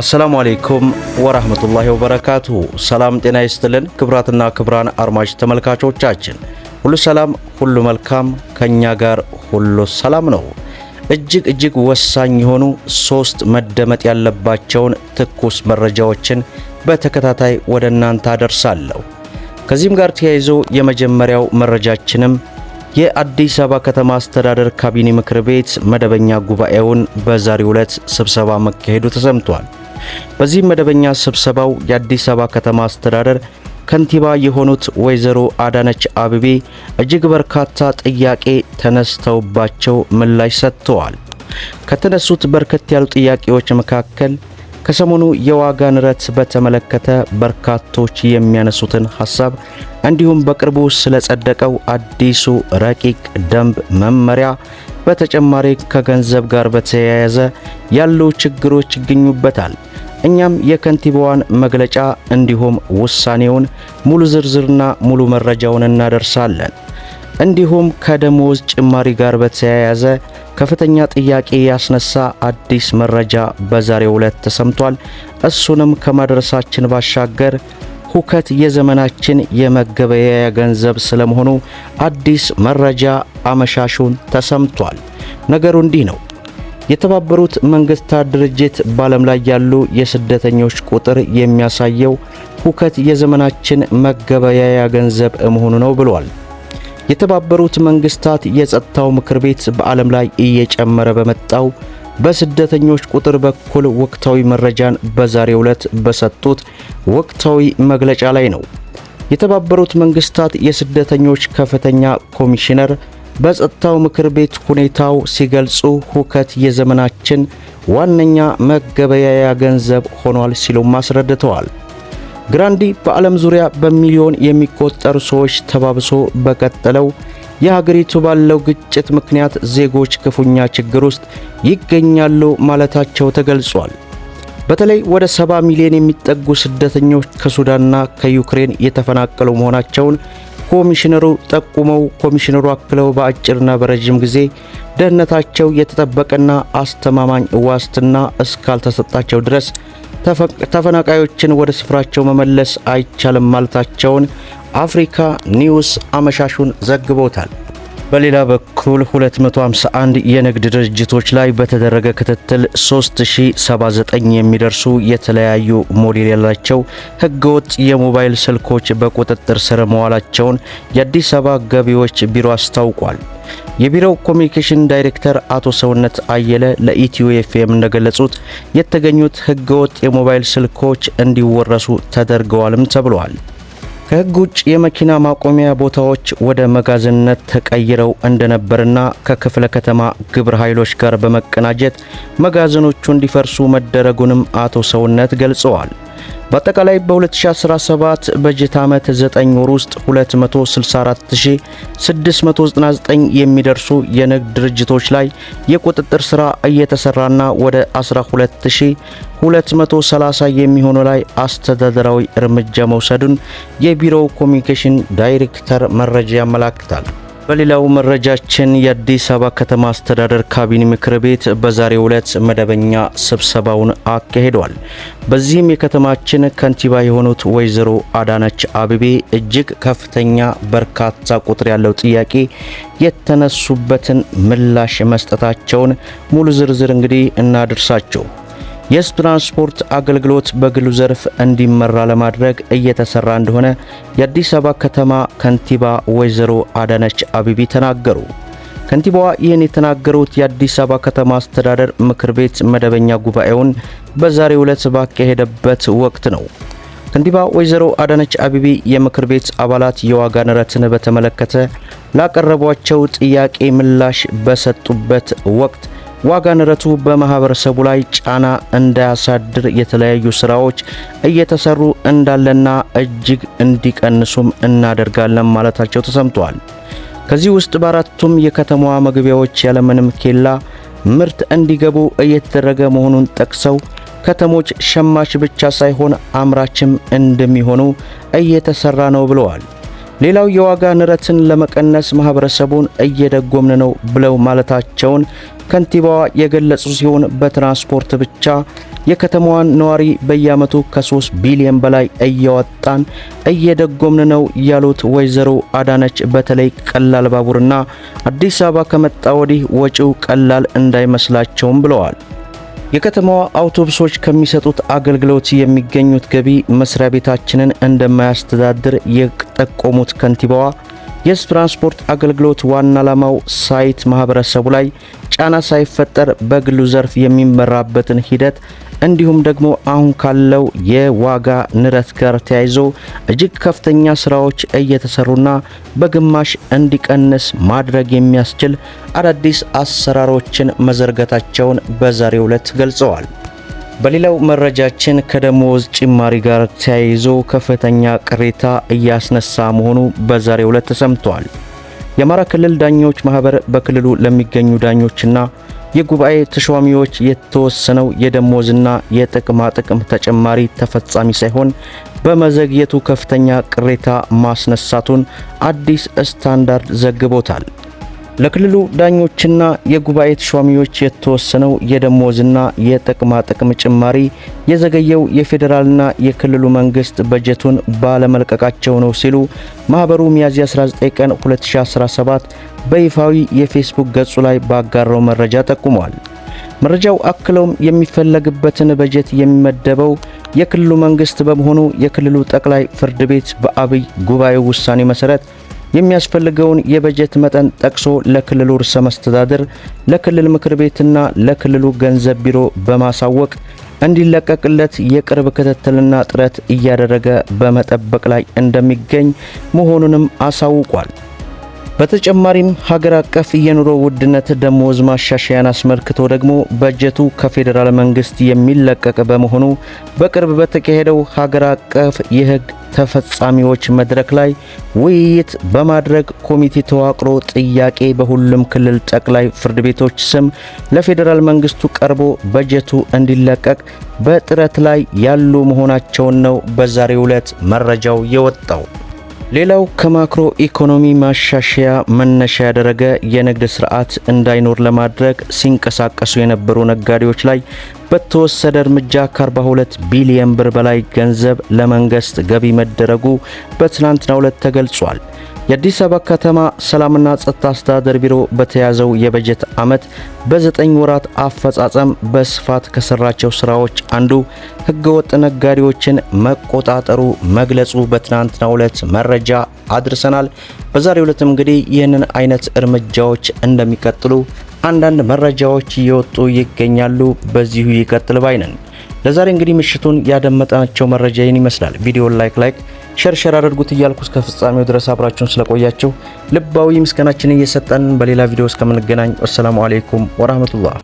አሰላሙ አሌይኩም ወራህመቱላሂ ወበረካቱሁ። ሰላም ጤና ይስጥልን ክብራትና ክብራን አድማጭ ተመልካቾቻችን ሁሉ ሰላም፣ ሁሉ መልካም፣ ከእኛ ጋር ሁሉ ሰላም ነው። እጅግ እጅግ ወሳኝ የሆኑ ሶስት መደመጥ ያለባቸውን ትኩስ መረጃዎችን በተከታታይ ወደ እናንተ አደርሳለሁ። ከዚህም ጋር ተያይዞ የመጀመሪያው መረጃችንም የአዲስ አበባ ከተማ አስተዳደር ካቢኔ ምክር ቤት መደበኛ ጉባኤውን በዛሬው ዕለት ስብሰባ መካሄዱ ተሰምቷል። በዚህም መደበኛ ስብሰባው የአዲስ አበባ ከተማ አስተዳደር ከንቲባ የሆኑት ወይዘሮ አዳነች አቤቤ እጅግ በርካታ ጥያቄ ተነስተውባቸው ምላሽ ሰጥተዋል። ከተነሱት በርከት ያሉ ጥያቄዎች መካከል ከሰሞኑ የዋጋ ንረት በተመለከተ በርካቶች የሚያነሱትን ሐሳብ እንዲሁም በቅርቡ ስለጸደቀው አዲሱ ረቂቅ ደንብ መመሪያ በተጨማሪ ከገንዘብ ጋር በተያያዘ ያሉ ችግሮች ይገኙበታል። እኛም የከንቲባዋን መግለጫ እንዲሁም ውሳኔውን ሙሉ ዝርዝርና ሙሉ መረጃውን እናደርሳለን። እንዲሁም ከደሞዝ ጭማሪ ጋር በተያያዘ ከፍተኛ ጥያቄ ያስነሳ አዲስ መረጃ በዛሬው ዕለት ተሰምቷል። እሱንም ከማድረሳችን ባሻገር ሁከት የዘመናችን የመገበያያ ገንዘብ ስለመሆኑ አዲስ መረጃ አመሻሹን ተሰምቷል። ነገሩ እንዲህ ነው። የተባበሩት መንግስታት ድርጅት በዓለም ላይ ያሉ የስደተኞች ቁጥር የሚያሳየው ሁከት የዘመናችን መገበያያ ገንዘብ መሆኑ ነው ብሏል። የተባበሩት መንግስታት የጸጥታው ምክር ቤት በዓለም ላይ እየጨመረ በመጣው በስደተኞች ቁጥር በኩል ወቅታዊ መረጃን በዛሬው ዕለት በሰጡት ወቅታዊ መግለጫ ላይ ነው። የተባበሩት መንግስታት የስደተኞች ከፍተኛ ኮሚሽነር በጸጥታው ምክር ቤት ሁኔታው ሲገልጹ ሁከት የዘመናችን ዋነኛ መገበያያ ገንዘብ ሆኗል ሲሉም አስረድተዋል። ግራንዲ በዓለም ዙሪያ በሚሊዮን የሚቆጠሩ ሰዎች ተባብሶ በቀጠለው የሀገሪቱ ባለው ግጭት ምክንያት ዜጎች ክፉኛ ችግር ውስጥ ይገኛሉ ማለታቸው ተገልጿል። በተለይ ወደ 70 ሚሊዮን የሚጠጉ ስደተኞች ከሱዳንና ከዩክሬን የተፈናቀሉ መሆናቸውን ኮሚሽነሩ ጠቁመው ኮሚሽነሩ አክለው በአጭርና በረዥም ጊዜ ደህንነታቸው የተጠበቀና አስተማማኝ ዋስትና እስካልተሰጣቸው ድረስ ተፈናቃዮችን ወደ ስፍራቸው መመለስ አይቻልም ማለታቸውን አፍሪካ ኒውስ አመሻሹን ዘግቦታል። በሌላ በኩል 251 የንግድ ድርጅቶች ላይ በተደረገ ክትትል 3079 የሚደርሱ የተለያዩ ሞዴል ያላቸው ህገወጥ የሞባይል ስልኮች በቁጥጥር ስር መዋላቸውን የአዲስ አበባ ገቢዎች ቢሮ አስታውቋል። የቢሮው ኮሚኒኬሽን ዳይሬክተር አቶ ሰውነት አየለ ለኢትዮ ኤፍኤም እንደገለጹት የተገኙት ህገወጥ የሞባይል ስልኮች እንዲወረሱ ተደርገዋልም ተብለዋል። ከህግ ውጭ የመኪና ማቆሚያ ቦታዎች ወደ መጋዘንነት ተቀይረው እንደነበርና ከክፍለ ከተማ ግብረ ኃይሎች ጋር በመቀናጀት መጋዘኖቹ እንዲፈርሱ መደረጉንም አቶ ሰውነት ገልጸዋል። በአጠቃላይ በ2017 በጀት ዓመት 9 ወር ውስጥ 264699 የሚደርሱ የንግድ ድርጅቶች ላይ የቁጥጥር ሥራ እየተሰራና ወደ 12230 የሚሆኑ ላይ አስተዳደራዊ እርምጃ መውሰዱን የቢሮው ኮሚኒኬሽን ዳይሬክተር መረጃ ያመላክታል። በሌላው መረጃችን የአዲስ አበባ ከተማ አስተዳደር ካቢኔ ምክር ቤት በዛሬው ዕለት መደበኛ ስብሰባውን አካሂዷል። በዚህም የከተማችን ከንቲባ የሆኑት ወይዘሮ አዳነች አቤቤ እጅግ ከፍተኛ በርካታ ቁጥር ያለው ጥያቄ የተነሱበትን ምላሽ መስጠታቸውን ሙሉ ዝርዝር እንግዲህ እናድርሳቸው። የትራንስፖርት አገልግሎት በግሉ ዘርፍ እንዲመራ ለማድረግ እየተሰራ እንደሆነ የአዲስ አበባ ከተማ ከንቲባ ወይዘሮ አዳነች አቢቢ ተናገሩ። ከንቲባዋ ይህን የተናገሩት የአዲስ አበባ ከተማ አስተዳደር ምክር ቤት መደበኛ ጉባኤውን በዛሬው ዕለት ባካሄደበት ወቅት ነው። ከንቲባ ወይዘሮ አዳነች አቢቢ የምክር ቤት አባላት የዋጋ ንረትን በተመለከተ ላቀረቧቸው ጥያቄ ምላሽ በሰጡበት ወቅት ዋጋ ንረቱ በማህበረሰቡ ላይ ጫና እንዳያሳድር የተለያዩ ስራዎች እየተሰሩ እንዳለና እጅግ እንዲቀንሱም እናደርጋለን ማለታቸው ተሰምቷል። ከዚህ ውስጥ በአራቱም የከተማዋ መግቢያዎች ያለምንም ኬላ ምርት እንዲገቡ እየተደረገ መሆኑን ጠቅሰው ከተሞች ሸማች ብቻ ሳይሆን አምራችም እንደሚሆኑ እየተሰራ ነው ብለዋል። ሌላው የዋጋ ንረትን ለመቀነስ ማህበረሰቡን እየደጎምን ነው ብለው ማለታቸውን ከንቲባዋ የገለጹ ሲሆን በትራንስፖርት ብቻ የከተማዋን ነዋሪ በየዓመቱ ከ3 ቢሊዮን በላይ እያወጣን እየደጎምን ነው ያሉት ወይዘሮ አዳነች በተለይ ቀላል ባቡርና አዲስ አበባ ከመጣ ወዲህ ወጪው ቀላል እንዳይመስላቸውም ብለዋል። የከተማዋ አውቶቡሶች ከሚሰጡት አገልግሎት የሚገኙት ገቢ መስሪያ ቤታችንን እንደማያስተዳድር የጠቆሙት ከንቲባዋ የህዝብ ትራንስፖርት አገልግሎት ዋና ዓላማው ሳይት ማህበረሰቡ ላይ ጫና ሳይፈጠር በግሉ ዘርፍ የሚመራበትን ሂደት እንዲሁም ደግሞ አሁን ካለው የዋጋ ንረት ጋር ተያይዞ እጅግ ከፍተኛ ስራዎች እየተሰሩና በግማሽ እንዲቀንስ ማድረግ የሚያስችል አዳዲስ አሰራሮችን መዘርጋታቸውን በዛሬው ዕለት ገልጸዋል። በሌላው መረጃችን ከደሞዝ ጭማሪ ጋር ተያይዞ ከፍተኛ ቅሬታ እያስነሳ መሆኑ በዛሬው ዕለት ተሰምቷል። የአማራ ክልል ዳኞች ማህበር በክልሉ ለሚገኙ ዳኞችና የጉባኤ ተሿሚዎች የተወሰነው የደሞዝና የጥቅማ ጥቅም ተጨማሪ ተፈጻሚ ሳይሆን በመዘግየቱ ከፍተኛ ቅሬታ ማስነሳቱን አዲስ ስታንዳርድ ዘግቦታል። ለክልሉ ዳኞችና የጉባኤ ተሿሚዎች የተወሰነው የደሞዝና የጥቅማ ጥቅም ጭማሪ የዘገየው የፌዴራልና የክልሉ መንግስት በጀቱን ባለመልቀቃቸው ነው ሲሉ ማህበሩ ሚያዝያ 19 ቀን 2017 በይፋዊ የፌስቡክ ገጹ ላይ ባጋራው መረጃ ጠቁሟል። መረጃው አክለውም የሚፈለግበትን በጀት የሚመደበው የክልሉ መንግስት በመሆኑ የክልሉ ጠቅላይ ፍርድ ቤት በአብይ ጉባኤው ውሳኔ መሰረት የሚያስፈልገውን የበጀት መጠን ጠቅሶ ለክልሉ ርዕሰ መስተዳድር፣ ለክልል ምክር ቤትና ለክልሉ ገንዘብ ቢሮ በማሳወቅ እንዲለቀቅለት የቅርብ ክትትልና ጥረት እያደረገ በመጠበቅ ላይ እንደሚገኝ መሆኑንም አሳውቋል። በተጨማሪም ሀገር አቀፍ የኑሮ ውድነት ደሞዝ ማሻሻያን አስመልክቶ ደግሞ በጀቱ ከፌዴራል መንግስት የሚለቀቅ በመሆኑ በቅርብ በተካሄደው ሀገር አቀፍ የህግ ተፈጻሚዎች መድረክ ላይ ውይይት በማድረግ ኮሚቴ ተዋቅሮ ጥያቄ በሁሉም ክልል ጠቅላይ ፍርድ ቤቶች ስም ለፌዴራል መንግስቱ ቀርቦ በጀቱ እንዲለቀቅ በጥረት ላይ ያሉ መሆናቸውን ነው በዛሬው ዕለት መረጃው የወጣው። ሌላው ከማክሮ ኢኮኖሚ ማሻሻያ መነሻ ያደረገ የንግድ ስርዓት እንዳይኖር ለማድረግ ሲንቀሳቀሱ የነበሩ ነጋዴዎች ላይ በተወሰደ እርምጃ ከ42 ቢሊየን ብር በላይ ገንዘብ ለመንግስት ገቢ መደረጉ በትናንትናው ዕለት ተገልጿል። የአዲስ አበባ ከተማ ሰላምና ጸጥታ አስተዳደር ቢሮ በተያዘው የበጀት ዓመት በዘጠኝ ወራት አፈጻጸም በስፋት ከሰራቸው ስራዎች አንዱ ህገወጥ ነጋዴዎችን መቆጣጠሩ መግለጹ በትናንትናው ዕለት መረጃ አድርሰናል። በዛሬው ዕለትም እንግዲህ ይህንን አይነት እርምጃዎች እንደሚቀጥሉ አንዳንድ መረጃዎች እየወጡ ይገኛሉ። በዚሁ ይቀጥል ባይ ነን። ለዛሬ እንግዲህ ምሽቱን ያደመጠናቸው መረጃ ይህን ይመስላል። ቪዲዮን ላይክ ላይክ ሸርሸር አድርጉት እያልኩ እስከ ፍጻሜው ድረስ አብራችሁን ስለቆያችሁ ልባዊ ምስጋናችንን እየሰጠን በሌላ ቪዲዮ እስከምንገናኝ ወሰላሙ አሌይኩም ወራህመቱላህ